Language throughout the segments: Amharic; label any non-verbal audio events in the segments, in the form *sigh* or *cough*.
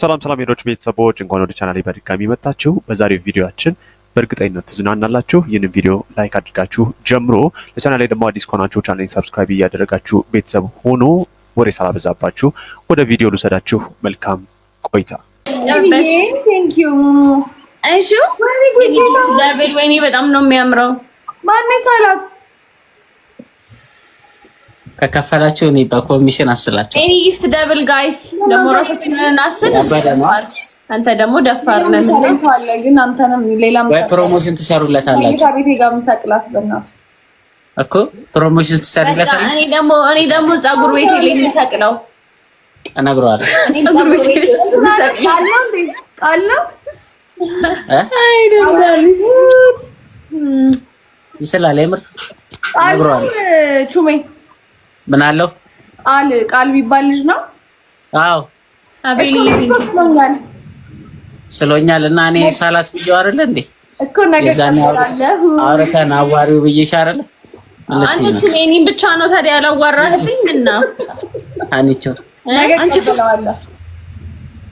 ሰላም ሰላም ሄዶች ቤተሰቦች እንኳን ወደ ቻናሌ በድጋሚ መጣችሁ። በዛሬው ቪዲዮአችን በእርግጠኝነት ትዝናናላችሁ። ይህንን ቪዲዮ ላይክ አድርጋችሁ ጀምሮ ለቻናሌ ደግሞ አዲስ ከሆናችሁ ቻናሌን ሰብስክራይብ እያደረጋችሁ ቤተሰብ ሆኖ ወሬ ሳላበዛባችሁ ወደ ቪዲዮ ልውሰዳችሁ። መልካም ቆይታ። እሺ፣ ወይኔ በጣም ነው የሚያምረው። ማነው ሳላት ከከፈላቸው እኔ በኮሚሽን አስላቸው። ኤኒ ጊፍት ደብል ጋይስ ደግሞ ራሳችንን እናስል። አንተ ደግሞ ደፋር ነህ አለ ግን አንተንም ሌላም በፕሮሞሽን ትሰሩለታላችሁ። ቤቴ ጋር ምሳቅላት በእናትህ እኮ ፕሮሞሽን ትሰሩለታለች። እኔ ደግሞ እኔ ደግሞ ፀጉር ቤቴ ላይ ምሰቅለው እነግረዋለሁ። ፀጉር ቤቴ ላይ ምሰቅለው ቃል ነው ይችላል። የምር እነግረዋለሁ ቹሜ ምን አለው ቃል ቃል የሚባል ልጅ ነው። አዎ አቤል ስሎኛል እና እኔ ሳላት ብዬው አይደለ እንዴ እኮ ነገር ተሰላለሁ አውርተን አዋሪው ብዬሽ አይደለ አንቺ እኔን ብቻ ነው ታዲያ ያላዋራህብኝ? ምን አንቺ አንቺ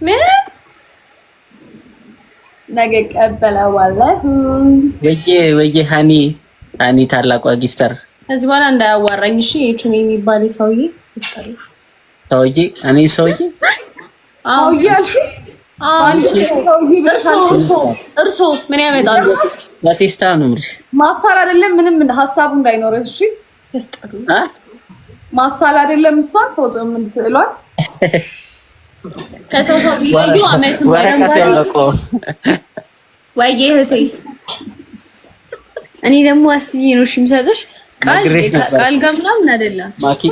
ምን ነገ ቀበለዋለሁ ወዬ ወዬ ሀኒ ሀኒ ታላቋ ጊፍተር ከዚህ በኋላ እንዳያዋራኝ እሺ። እቹም የሚባል ሰውዬ ሰውዬ እኔ ሰውዬ እርሶ ምን ያመጣሉ? ለቴስታ ነው የምልሽ። ማሳል አይደለም ምንም ሀሳቡ እንዳይኖረሽ እሺ። ማሳል አይደለም እሷን ፎቶ ምን ስዕሏል ከሰው ሰው ይዩ አመት ወይዬ እህቴ እኔ ደግሞ አስዬ ነው እሺ ቃል ጋር ምናምን አይደለም። ማኪ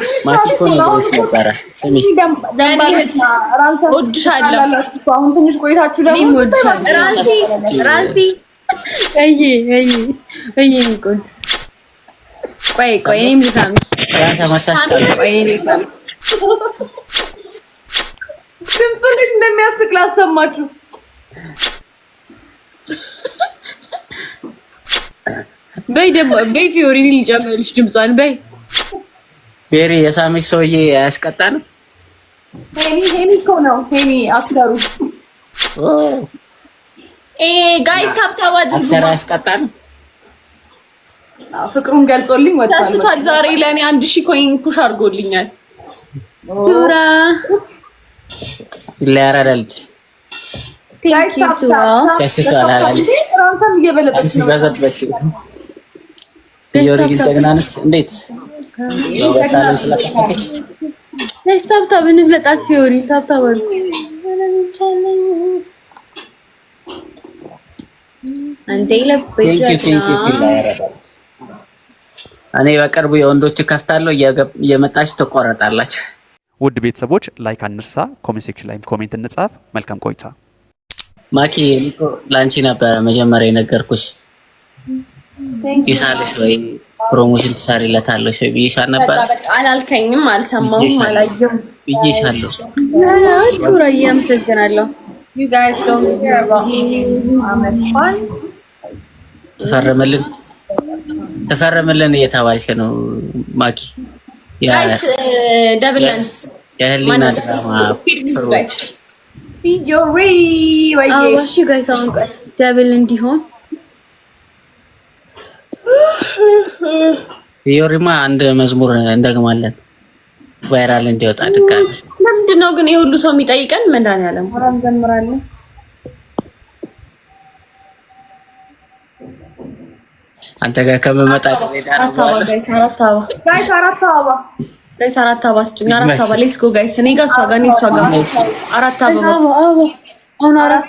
እንደሚያስቅ ላሰማችሁ በይ ደግሞ በይ ፊዮሪ ልጨምርልሽ ድምጿን በይ ቤሪ የሳምሽ ሰውዬ አያስቀጣንም። ሄኒ ሄኒ እኮ ነው ሄኒ አፍተሩ ኤ ጋይስ ሀብታባ ድምፅ አያስቀጣንም። ፍቅሩን ገልጾልኝ ወጣሁ ተስቷል። ዛሬ ለእኔ አንድ ሺህ ኮይን ፑሽ አድርጎልኛል። ቱራ ላራዳልት ቴንክ ዩ ቱራ ተስቷል ነው ነች። እንዴት ታብታ ፊዮሪ ታብታ እኔ በቅርቡ የወንዶች ከፍታለሁ እየመጣች ትቆረጣላችሁ። ውድ ቤተሰቦች ላይክ አንርሳ፣ ኮሜንት ሴክሽን ኮሜንት እንጻፍ። መልካም ቆይታ። ማኪ ላንቺ ነበረ መጀመሪያ የነገርኩሽ። ይሳለሽ ወይ ፕሮሞሽን ትሰሪለታለሽ ወይ ብዬሻል ነበር። አላልከኝም፣ አልሰማሁም፣ አላየሁም ብዬሻለሁ። ሱራዬ አመሰግናለሁ። ዩ ጋይስ ዶንት ኬር አባውት አመፋን ትፈርምልን ትፈርምልን እየተባልሽ ነው ማኪ። ያ ደብለን uh, የህሊና ድራማ ቪዲዮ ሪ ጋይስ አሁን ደብል እንዲሆን የሪማ አንድ መዝሙር እንደግማለን ቫይራል እንዲወጣ ድጋሚ። ለምንድን ነው ግን የሁሉ ሰው የሚጠይቀን? መድኃኒዓለም ሆራም ጀምራለን። አንተ ጋር ከምመጣ ጋይስ አራት አበባ ስጡኝ። አራት አበባ ሌስኮ ጋይስ እኔ እሷ እኔ እሷ አራት አበባ አሁን አራት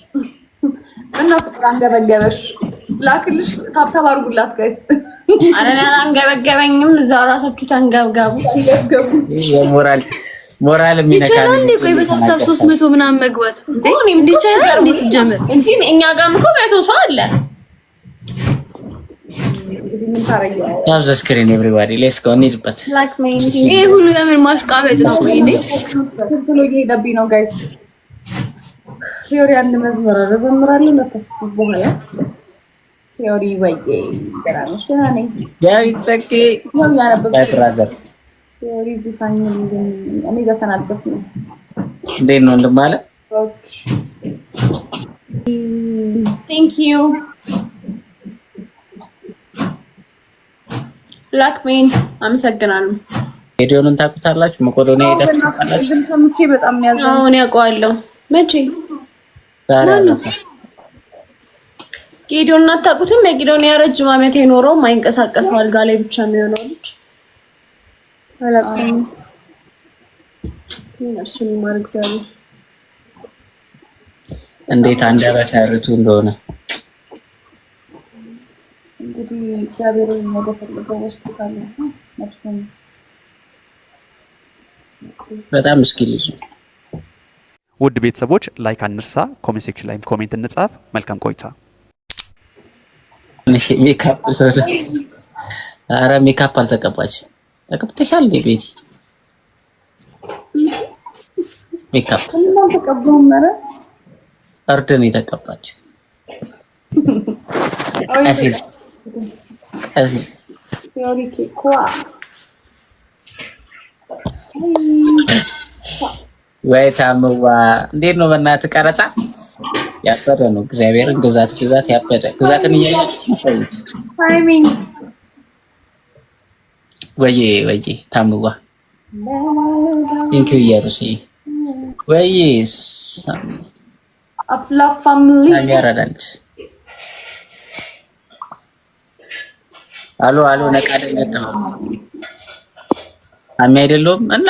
እና ፍቅር አንገበገበሽ ላክልሽ። ታብታብ አድርጉላት ጋይስ። ኧረ አንገበገበኝም። እዛው ራሳችሁ ተንገብገቡ ተንገብገቡ። የሞራል ሞራል የሚነካ ነው እንዴ? ቆይ ምናምን መግባት እንዴ? እንዴ? እንጂ እኛ ጋርም እኮ መቶ ሰው አለ። ታብ ዘ ስክሪን ሌትስ ጎ ይሄ ሁሉ ለምን ማሽቃበጥ ነው? ቆይ እንዴ ነው ጋይስ ቴዎሪ አንድ መዝመር እዘምራለሁ። ነፍስ በኋላ ቴዎሪ ወይ ገራምሽ ነኝ። እኔ እንዴት ነው እንደማለ ቴንክ ብላክሜን አመሰግናለሁ። ሬዲዮንን ታውቁታላችሁ? መቆዶኒያ ሄዳችሁ ታውቃላችሁ? በጣም ያዘ አሁን ያውቀዋለሁ መቼ ጌዲዮን አታውቁትም? የጌዲዮን ያረጅም አመት የኖረው ማይንቀሳቀስ አልጋ ላይ ብቻ የሚሆነው ልጅ እንዴት አንደበት ያርቱ እንደሆነ በጣም ምስኪን ልጅ ነው። ውድ ቤተሰቦች ላይክ አንርሳ፣ ኮሜንት ሴክሽን ላይ ኮሜንት እንጻፍ። መልካም ቆይታ። አረ ሜካፕ አልተቀባች ተቀብተሻል ቤቲ ሜካፕ የተቀባች። ቀሲል ቀሲል ወይ ታምዋ እንዴት ነው? በእናት ቀረጻ ያበደ ነው። እግዚአብሔርን ግዛት ግዛት ያበደ ግዛትን እያያችሁ ወይ ወይ ታምዋ አፍላ ፋሚሊ አሎ አሎ ነቃደ ነጥ አሚ አይደለም እና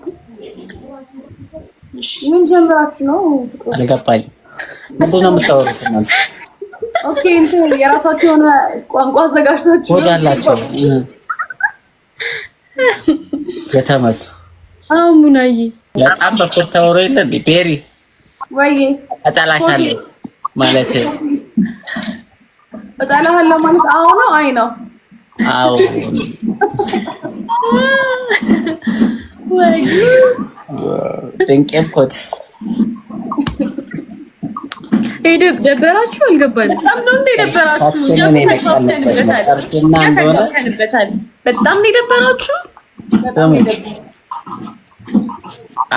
ምን ጀምራችሁ ነው? አልገባኝ። ምንድን ነው የምታወሩት? ኦኬ እንትን የራሳችሁ የሆነ ቋንቋ አዘጋጅታችሁ ወደ አላቸው የተመቱ አሙናይ በጣም በኩር ታወሩ የለ ቤሪ ወይ እጠላሻለሁ ማለት እጠላሃለሁ ማለት አዎ ነው አይ ነው አዎ ወይ ድንቄ ኮት ሄደ ደበራችሁ አልገባንም። በጣም ነው እንደ ደበራችሁ በጣም ነው የደበራችሁ።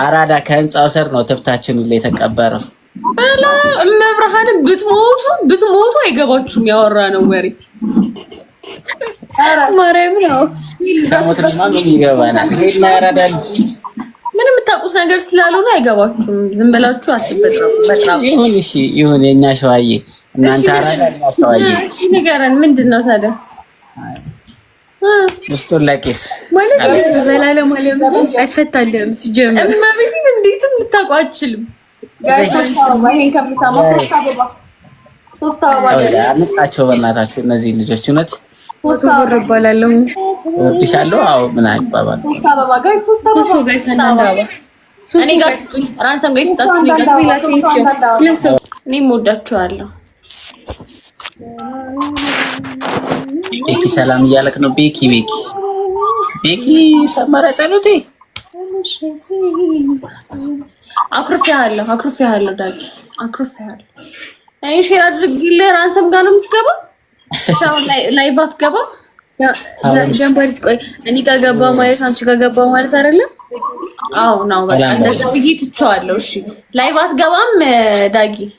አራዳ ከህንፃው ስር ነው ትብታችን ሁሉ የተቀበረው። በላ መብርሃንም ብትሞቱ ብትሞቱ አይገባችሁም። ያወራ ነው ወሬ ማርያም ነው ሞት ምን ይገባናል? ሄድና አራዳ ልጅ ምንም የምታውቁት ነገር ስላልሆነ አይገባችሁም። ዝም በላችሁ አትበጥራቁ። እሺ፣ ይሁን የኛ ሸዋዬ፣ እናንተ አራሸዋዬ ንገረን፣ ምንድን ነው ታዲያ ውስጡን ለቄስ ማለት ዘላለም አይፈታልም። ሲጀምር እማቤትን እንዴትም ልታውቀው አችልም። አመጣቸው በእናታችሁ እነዚህ ልጆች እውነት ሶስት አወራ እባላለሁ እወድሻለሁ። አዎ ምን አይባባል ነው እኔም ወዳችኋለሁ። ቤኪ ሰላም እያለክ ነው። ቤኪ ቤኪ ቤኪ ሰመረ ጸሎቴ አኩርፌሃለሁ፣ አኩርፌሃለሁ ዳጊ አኩርፌሃለሁ። እኔ ሼር አድርግልህ ራንሰም ጋር ነው የምትገባው ሻው ላይ ላይቭ አትገባ ጀንበሪት ቆይ እኔ ጋር ገባ ማለት አንቺ ጋር ገባ ማለት አይደለም። አዎ ነው በቃ እንደዚህ ብዬ ትቼዋለሁ። እሺ ላይቭ አትገባም ዳጊ *laughs*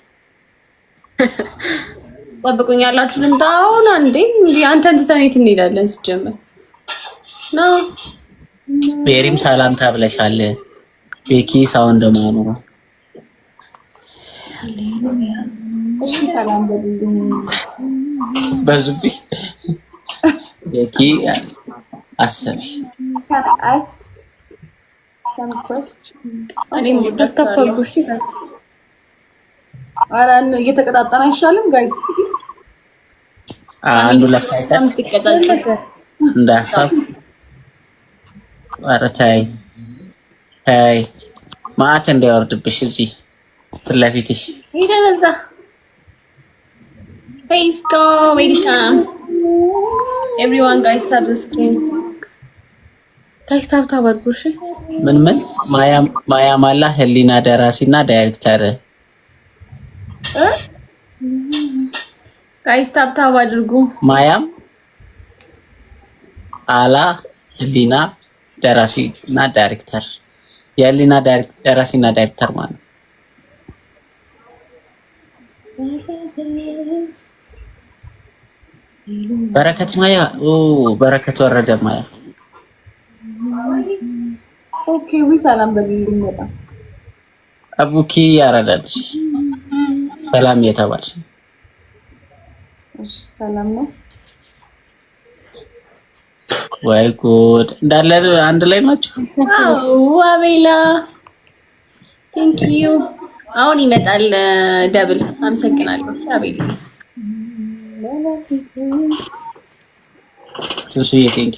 ጠብቁኝ ያላችሁ ልምጣ። አሁን አንዴ እንዲህ አንተን ትተን የት እንሄዳለን? ሲጀመር ነው ቤሪም ሰላምታ ብለሻል። ቤኪ ሳውንድ ማኑ በዙብኝ ቤኪ አሰቢ እየተቀጣጠን አይሻልም ጋይስ? Ah, አንዱ እንደ ኧረ ተይ ተይ፣ ማዕት እንዳይወርድብሽ እዚህ ፊት ለፊትሽ ፌስ ኤቭሪዋን ጋይስ ታብ ስክሪን ጋይስ ታብ ታብ አድርጉ። እሺ ምን ምን ማያም አላ ህሊና ደራሲና ዳይሬክተር እ ጋይስ ታብ ታብ አድርጉ። ማያም አላ፣ ህሊና ደራሲና ዳይሬክተር የህሊና ደራሲና ዳይሬክተር ማለት በረከት ማያ ኦ በረከት ወረደ ማያ ኦኬ ዊ ሰላም በልኝ ይመጣ አቡኪ ያረዳልሽ ሰላም የተባልሽ ሰላም ነው። ወይ ጉድ እንዳለ አንድ ላይ ናችሁ አቤላ ቴንክ ዩ አሁን ይመጣል። ደብል አመሰግናለሁ አቤላ Susuyakin.